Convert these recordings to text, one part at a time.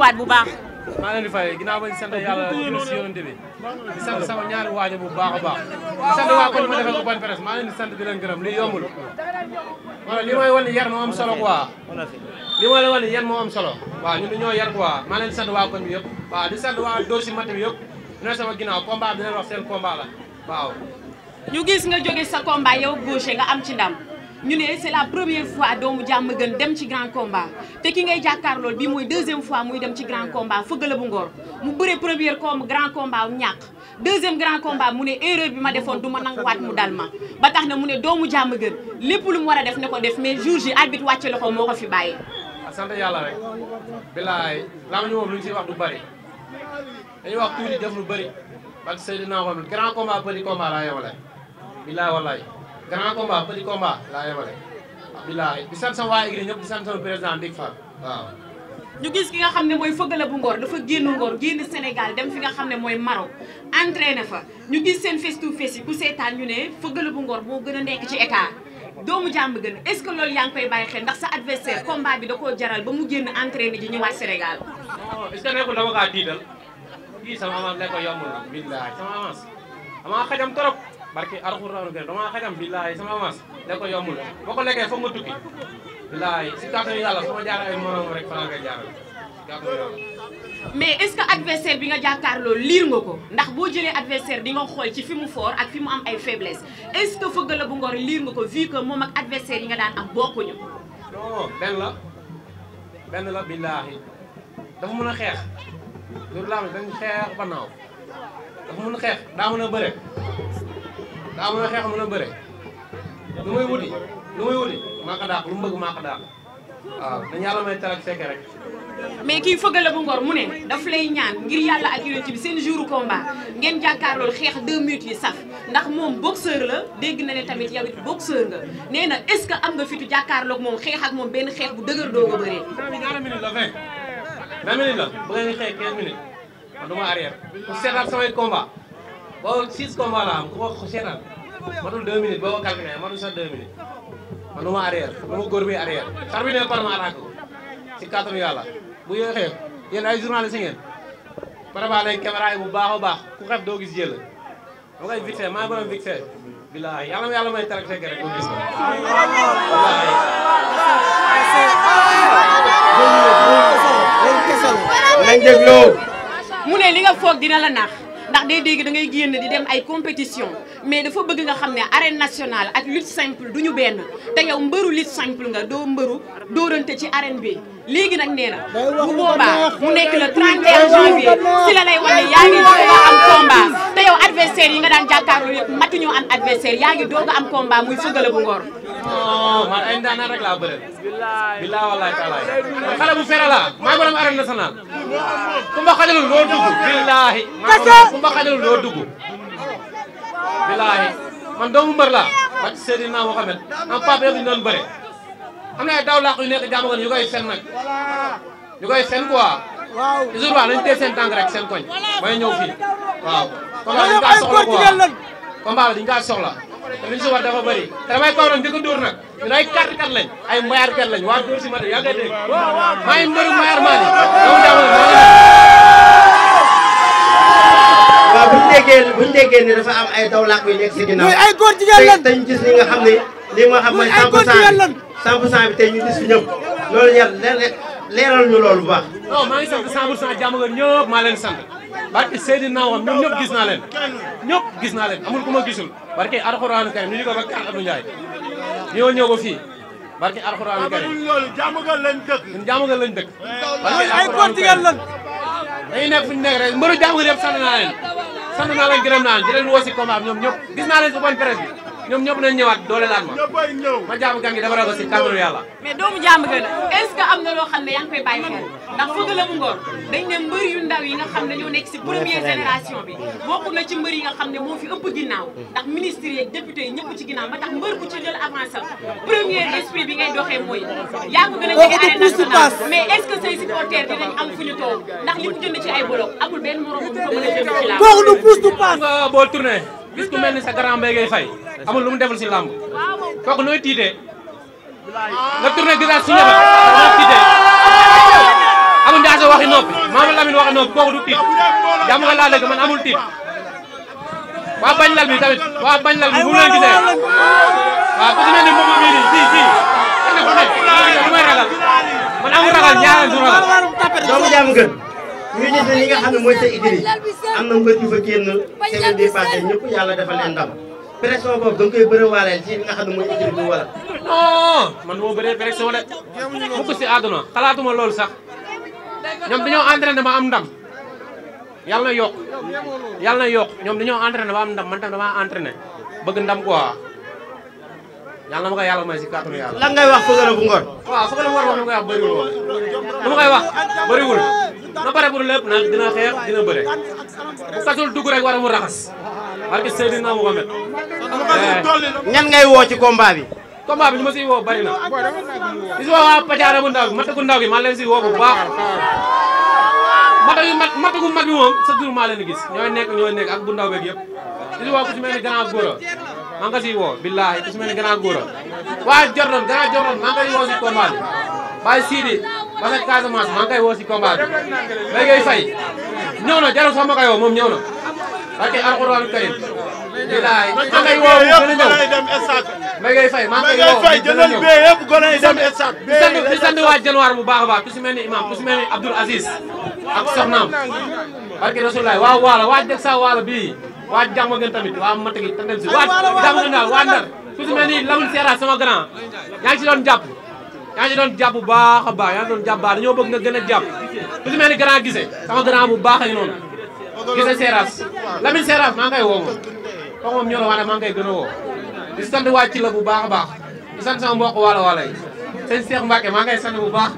nuyuwaat bu baax. maa leen di fay ginnaaw bañ sant a julli bu yonent bi di sant sama ñaari waajo bu baax a baax di sant waa kon ma defal ko bonne presse maa leen di sant di leen gërëm li yombul wala li mooy wan ni yar moo am solo quoi li mooy wan ni yar moo am solo waaw ñun dañoo yar quoi maa leen di sant waa koñ bi yëpp waaw di sant waa doosi mat bi yëpp ne sama ginnaaw combat bi dinañ wax seen combat la waaw ñu gis nga jóge sa combat yow gauche nga am ci ndam ñu ne c'est la première fois doomu jàmm gën dem ci grand combat te ki ngay jàkkaar lool bii mooy deuxième fois muy dem ci grand combat fëggala bu ngor mu bëre première com grand combat ñàkk deuxième grand combat mu ne erreur bi ma defoon du ma nanguwaat mu dal ma ba tax na mu ne doomu jàmm gën lépp lu mu war a def ne ko def mais jour ji arbitre wàcce loxo moo ko fi bàyyee ah, sant yàlla rek bilaay laa ma ñu moom lu ñu siy wax du bëri dañuy wax tuuti def lu bëri parce que Seydina Mohamed grand combat yow la bilaay wallaay grand combat petit combat laa yemale. abdoulaye di sant sama waa Igri ñëpp di sant sama président gis nga xam ne mooy Feugeula bu Ngor dafa génn Ngor génn Sénégal dem fi nga xam ne mooy Maroc entraîné fa ñu gis seen face to face yi ku seetaan ñu ne Feugeula bu ngoor moo gën a nekk ci état doomu jàmm gën est-ce que loolu yaa ngi koy bàyyi xel ndax sa adversaire combat bi da koo jaral ba mu génn entraîné ji ñëwaat Sénégal. non est-ce que nekkul dama kaa diital kii sama avance ne ko yomb na. billaay barki alxuraanu kër dama xajam billaay sama mas da ko yombul boo ko lekkee foog nga tukki billaay si kàttan yàlla sama jaar ay morom rek fala mais est-ce que bi nga jàkkaarloo liir nga ko ndax boo jëlee adversaire di nga xool ci fi mu fort ak fi mu am ay faiblesse est-ce que Feugeula bu Ngor liir nga ko vu que moom ak adversaire yi nga daan am bokkuñu. non benn la benn la billaahi dafa mën a xeex loolu laa am dañ xeex ba naaw dafa mën a xeex daa mën a bëre. daa mën a xeex mën a bëre lu muy wuti lu muy wuti maa ko lu mu bëgg maa ko daax waaw dañu yàlla may talag fekke rek mais kii fëggale bu ngor mu ne dafa lay ñaan ngir yàlla ak yonent bi seen jour combat ngeen jàkkaarlool xeex deux minutes yi saf ndax moom boxeur la dégg na ne tamit yow it nga nee na est-ce que am nga fitu jàkkaarloog moom xeex ak moom benn xeex bu dëgër doo ko bëree. ñaata minute la vingt vingt minutes la bu xeex quinze minutes man du ma arrière pour boo six combats la am ku ko seetal matul deux minutes boo ko calculé matul sax deux minutes man bi arrière xar bi ne par ma attaque ko si kàttanu yàlla bu yéexee yéen ay journaliste ngeen préparé leen bu baax a baax ku xef doo gis jël ma koy vite maa ngi borom vite bilaay yàlla mooy yàlla may ko bilaay mu ne li foog dina la nax ndax day dégg da ngay génn di dem ay compétition mais dafa bëgg nga xam ne arène nationale ak lutte simple du ñu benn te yow mbëru lutte simple nga doo mbëru dóorante ci arène bi léegi nag nee na bu boobaa mu nekk la 31 janvier si la lay wane yaa ngi doog a am combat te yow adversaire yi nga daan jàkkaarloo yëpp matuñoo am adversaire yaa ngi doog a am combat muy Feugeula bu Ngor. non ay ndaanaan rek laa bëre. billaay wallaay taalaay. xale bu fere laa maa ngi doon arène nationale. ku ma xajalul loo dugg. man doomu mbër laa. ba Seydina Mohamed am papa yëpp doon bëre. am na ay daw làq yu nekk jàmm gan yu koy fen nag. yu koy fen quoi. waaw toujours waaw nañu téye seen tànk rek seen koñ. mooy ñëw fii waaw. ñoom ay góor jigéen lan combat bi dañu kaa soxla te li ñu si war dafa bëri te damay kaw nag di ko dóor nag ñun ay kàtt kat lañ ay mbayaar kat lañ waa dóor si mata yaa ngi dégg maa ngi mbëru mbayaar maa waaw bu ñu déggee bu ñu déggee ne dafa am ay dawlaak yu nekk si ginnaaw muy ay góor jigéen lan dañ gis li nga xam ne li nga xam mooy 100 pour cent bi 100 pour cent bi tey ñu gis fi ñëpp loolu yàlla leeral ñu loolu bu baax non maa ngi sant 100 pour cent jàmm nga ñëpp maa leen sant barke Seydina na ñoom ñëpp gis naa leen ñëpp gis naa leen amul ku ma gisul barke alxuraanu karim ñu ñu ko ba kan Abdou Ndiaye ñoo ñëw ba fii barke alxuraanu karim jaamugal lañ dëkk ñun jaamugal lañ dëkk ay Portugal lan dañuy nekk fu ñu nekk rek mbëru jaamugal yëpp sant naa leen sant naa leen gërëm naa leen di leen woo si ñoom ñëpp gis naa leen si bonne presse ñoom ñëpp nañ ñëwaat doole laan ma ma jaamu gan gi dafa ragal si kàddu yàlla mais doomu jaamu gën a am na loo xam ne yaa ngi koy bàyyi xel ndax fëgg la mu bokk na ci mbër yi xam ne moo fi ginnaaw ndax ministre yeeg député yi ñëpp ci ginnaaw ba tax mbër bu ci jël avance premier esprit bi ngay doxee mooy yaa ko gën a jege arène nationale mais est-ce que say supporters dinañ am fu ñu toog ndax li mu jënd ci ay bolok amul benn morom bu ko mën a jënd ci laa boo tourné gis ku mel ni sa grand mbay ngay amul lu mu deful si làmb kooku nooy tiitee la tourné gisaan su ñebe nooy tiitee amul ndaase waxi noppi Mamadou Lamine noppi kooku du tiit jàmm nga man amul tiit waa bañ lal bi waa bañ lal bi bu leen gisee waaw ku si mel ni moom mii nii fii fii kenn ku ne lu ragal man amul ragal ñaareel du ñu gis ne li nga xam ne mooy am na mbër yu fa génn ne mooy Idriss bi ma bëree pression de mukk si àdduna dañoo entraîné ba am ndam yàlla na yokk yàlla na ñoom dañoo entraîné ba am ndam man tam damaa entraîné bëgg ndam quoi. yàlla na ma si kàttanu yàlla. lan ngay wax fëgala bu ngor. waaw fëgala bu ngor wax na ma wax bëriwul na pare pour lépp na dina xeex dina bëre bu dugg rek war a mu raxas barke Seydina Mohamed. Eh. ñan ngay woo ci combat bi. combat bi ñu ma siy woo bari na. li si woo waa Pacaara bu ndaw bi matagu leen si woo bu baax. matagu mat matagu mag bi moom sa jur maa leen gis ñoo nekk ñooy nekk ak bu ndaw beeg yëpp. li si woo ku si mel ni a góor maa nga siy woo billaahi ku si mel ni grand góor waaye Jordan grand Jordan maa nga siy woo si combat bi waaye ba nekk Casamance maa ngi koy woo si combat bi Mbaye Gueye Faye ñëw na jarul sax ma koy woo moom ñëw na parce que alxuraan karim bilaay maa ngi koy woo mu gën a ñëw Mbaye Gueye Faye maa ngi koy woo mu gën a ñëw di sant waa Januar bu baax a baax ku si mel ni imam ku si mel ni Abdoul Aziz ak soxnaam parce que Rasulullah waa waala waa dëgg saa waala bii waa jàmm gën tamit waa matagi tandem si waa jàmm gën daal waa ndar ku si mel ni Lamine Sera sama grand yaa ngi si doon jàpp yaa ngi doon jàpp bu baax a baax yaa doon jàpp baax dañoo bëgg nga gën a jàpp ku si mel ni grand gise sama grand bu baax a ngi noonu gise Seras Lamine Seras maa ngi koy woo moom kooku moom ñoo maa ngi koy gën a woo di sant waa ci la bu baax a baax di sant sama mbokk wala wala yi sëñ Cheikh Mbacke maa ngay sant bu baax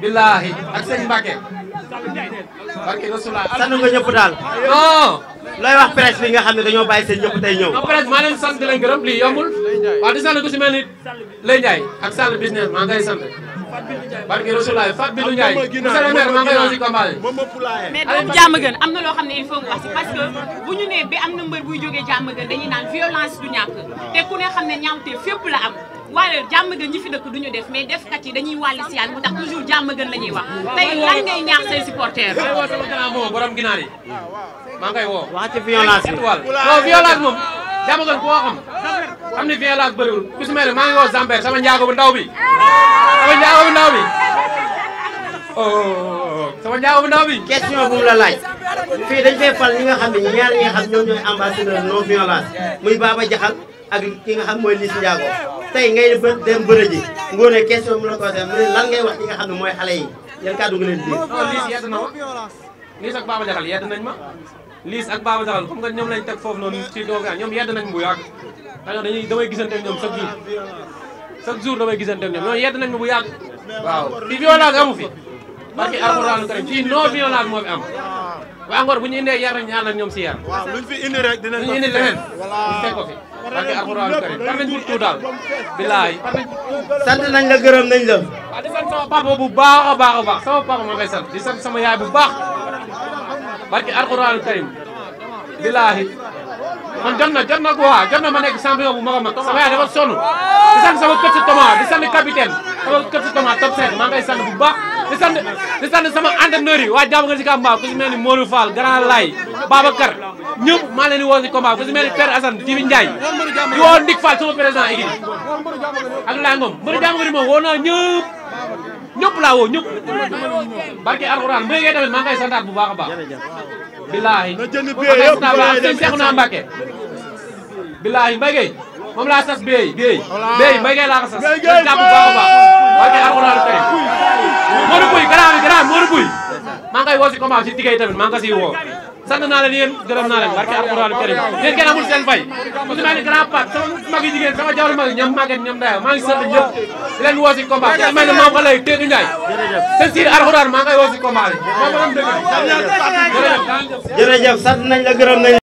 billaahi ak sëñ Mbacke barke Rasulullah sant nga ñëpp daal non looy wax presse bi nga xam ne dañoo bàyyi seen ñëpp tey ñëw. non presse maa leen sant di leen gërëm lii yombul waaw di sant ku si mel ni Lay Ndiaye ak Sall business maa ngay sant. barke Rasulaay Fat Bintou Ndiaye monsieur le maire maa ngay wax si combat bi. mais doomu jàmm am na loo xam ne il wax si parce bu ñu nee bi am na buy jógee jàmm gën naan violence du ñàkk te ku ne xam ne ñaawte fépp la am. waaye jàmm gën ñi fi dëkk duñu def mais defkat yi dañuy wàlli siyaan mu tax toujours jàmm gën la ñuy wax tey lan ngay ñaax say supporters. waaw sama borom ginaar yi maa ngi woo. wax ci violence bi non violence moom jàmm gën koo xam xam ni violence bëriwul ku si mel ne maa ngi woo Zamber sama njaago bu ndaw bi sama njaago bu ndaw bi oh, oh, oh, oh. sama njaago la laaj. fii dañ fay fal ñi nga xam ne ñaar ñi nga xam ñoom ñooy ambassadeur non muy Baba Diakhal. ak ki nga xam mooy Liss Ndiago tey ngay dem la ko waxee mu ne lan ngay wax ki nga xam ne mooy xale yi yan kàddu nga leen di. na ma Liss ak Baba Jaxal yedd nañ ma Liss ak Baba Jaxal xam nga ñoom lañ teg foofu noonu ci doomu a ñoom yedd nañ bu yàgg xanaa dañuy damay gisante ak ñoom chaque jour chaque jour damay gisante ak ñoom ñoom yedd nañ ma bu yàgg waaw fi violence amu fi barki alxuraanu karim fii non violence bu ñu indee yar ñaan la ñoom si yar. waaw luñ fi indi rek dinañ ko fi luñ indi leneen. voilà ko fi. barke alxuraan karim war nañ ko daal bilaay sant nañ la gërëm nañ la waaw di sant sama papa bu baax a baax sama papa ma koy sant di sant sama yaay bu baax barke alxuraan karim bilaay man jot na jot na ko waa jot na ma nekk champion bu mag a mag sama yaay dafa sonn di sant sama kër si Thomas di sant capitaine sama kër si Thomas top 5 bu baax di sant di sant sama entraîneur yi waa jàmm nga si combat ku si mel ni Modou Fall Grand Lay Babacar ñëpp maa leen di woo si combat ku si mel ni Père Assane Jibi Ndiaye di woo Ndik Fall sama président équipe ak Laye Ngom mbëri jàmm nga woo naa ñëpp ñëpp laa woo ñëpp barke alxuraan mbëri ngay tamit maa ngi koy bu baax a baax bilaahi maa ngi seexu naa laa sas béy béy béy mbéy laa ko sas jàpp bu baax a baax barke alxuraan Modou Pouye grand bi grand Modou Pouye maa ngi koy woo si si tigay tamit maa ngi ko siy woo naa leen yéen gërëm naa leen barke alxuraan karim yéen kenn amul seen fay ku si ni grand pat sama mag yi jigéen sama jawlu mag yi ñoom màgget daya maa ngi sant ñëpp di leen woo si combat ku si mel ni maam xale yi Teedu Njaay seen siir alxuraan maa ngi koy woo si combat bi jërëjëf sant nañ la